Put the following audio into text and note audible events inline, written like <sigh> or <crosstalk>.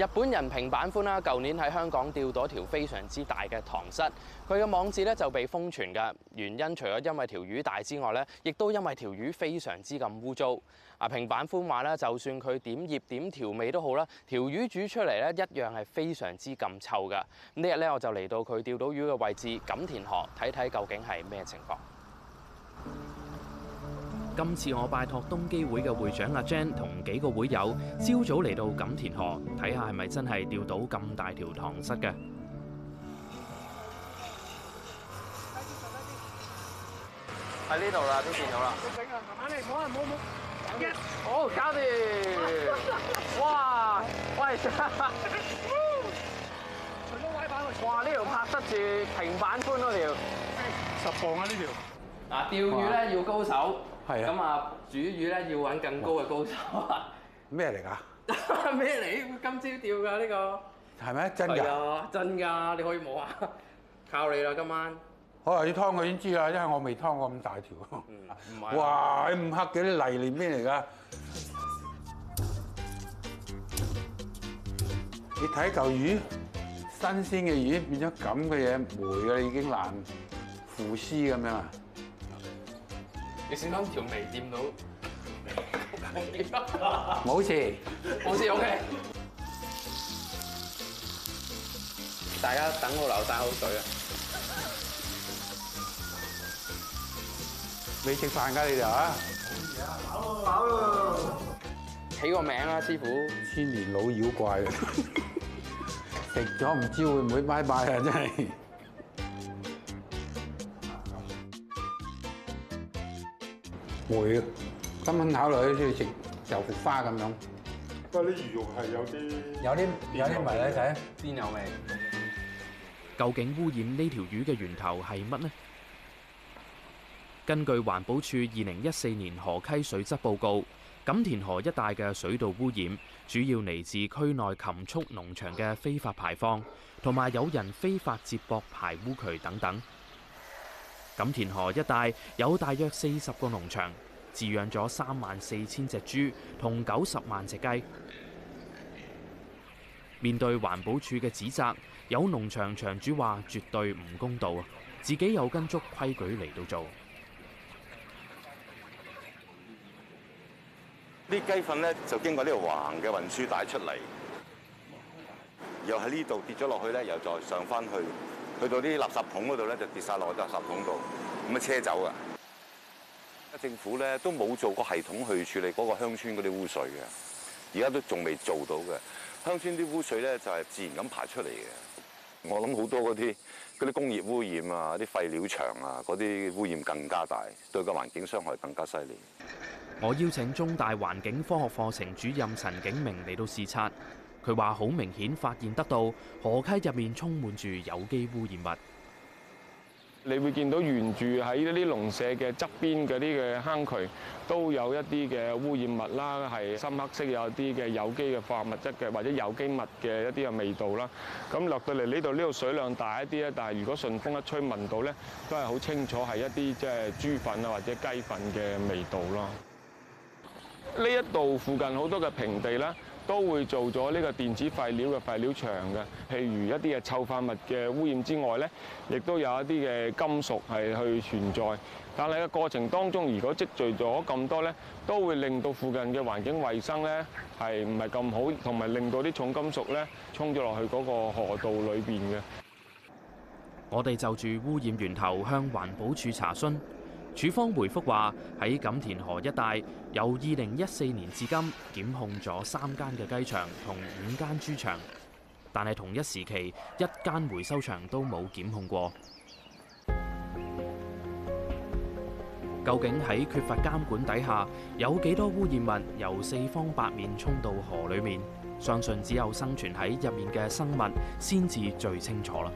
日本人平坂寬啦，舊年喺香港釣到一條非常之大嘅塘虱，佢嘅網誌咧就被瘋傳嘅原因，除咗因為條魚大之外咧，亦都因為條魚非常之咁污糟。啊，平坂寬話咧，就算佢點醃點調味都好啦，條魚煮出嚟咧一樣係非常之咁臭嘅。呢日咧，我就嚟到佢釣到魚嘅位置錦田河睇睇究竟係咩情況。今次我拜託東基會嘅會長阿 Jan 同幾個會友，朝早嚟到錦田河睇下係咪真係釣到咁大條塘虱嘅。喺呢度啦，都見到啦。好搞掂！哇！喂！哇！呢條拍得住平坂寬嗰條，十磅啊！呢條。啊！釣魚咧要高手。係咁是啊，煮魚咧要揾更高嘅高手。 <laughs> 啊！咩嚟㗎？咩嚟？今朝釣㗎呢個係咩？真㗎？真㗎！你可以摸啊？靠你啦今晚。我話要劏我已先知啊，因為我未劏過咁大條。唔係、嗯。唔係哇！咁黑嘅啲泥嚟咩嚟㗎？你睇嚿魚，新鮮嘅魚變咗咁嘅嘢，黴啊已經爛腐蝕咁樣啊！你小心條眉掂到，冇事，冇事，OK。大家等我流曬口水啊！未食飯㗎你哋啊？起個名啦，師傅，千年老妖怪啊！食咗唔知會唔會拜拜啊！真係～會嘅，充分考慮都要食豆腐花咁樣。不過啲魚肉係有啲有啲有啲泥喺度，鮮油味。嗯、究竟污染呢條魚嘅源頭係乜呢？根據環保署二零一四年河溪水質報告，錦田河一帶嘅水道污染，主要嚟自區內禽畜農場嘅非法排放，同埋有人非法接駁排污渠等等。錦田河一帶有大約四十個農場，飼養咗三萬四千隻豬同九十萬隻雞。面對環保署嘅指責，有農場場主話絕對唔公道，自己又跟足規矩嚟到做。啲雞糞呢，就經過呢個橫嘅運輸帶出嚟，又喺呢度跌咗落去呢，又再上翻去。去到啲垃圾桶嗰度咧，就跌晒落去啲垃圾桶度，咁啊，車走㗎！政府咧都冇做過系統去處理嗰個鄉村嗰啲污水嘅，而家都仲未做到嘅。鄉村啲污水咧就係自然咁排出嚟嘅。我諗好多嗰啲嗰啲工業污染啊，啲廢料場啊，嗰啲污染更加大，對個環境傷害更加犀利。我邀請中大環境科學課程主任陳景明嚟到視察。佢話：好明顯，發現得到河溪入面充滿住有機污染物。你會見到沿住喺嗰啲農舍嘅側邊嘅啲嘅坑渠，都有一啲嘅污染物啦，係深黑色，有啲嘅有機嘅化學物質嘅或者有機物嘅一啲嘅味道啦。咁落到嚟呢度，呢度水量大一啲啊，但係如果順風一吹聞到咧，都係好清楚係一啲即係豬糞啊或者雞糞嘅味道咯。呢一度附近好多嘅平地啦。都會做咗呢個電子廢料嘅廢料場嘅，譬如一啲嘅臭化物嘅污染之外呢，亦都有一啲嘅金屬係去存在。但係個過程當中，如果積聚咗咁多呢，都會令到附近嘅環境衞生呢係唔係咁好，同埋令到啲重金屬呢沖咗落去嗰個河道裏邊嘅。我哋就住污染源頭向環保署查詢。署方回覆話：喺錦田河一帶，由二零一四年至今檢控咗三間嘅雞場同五間豬場，但係同一時期一間回收場都冇檢控過。究竟喺缺乏監管底下，有幾多污染物由四方八面衝到河裏面？相信只有生存喺入面嘅生物先至最清楚啦。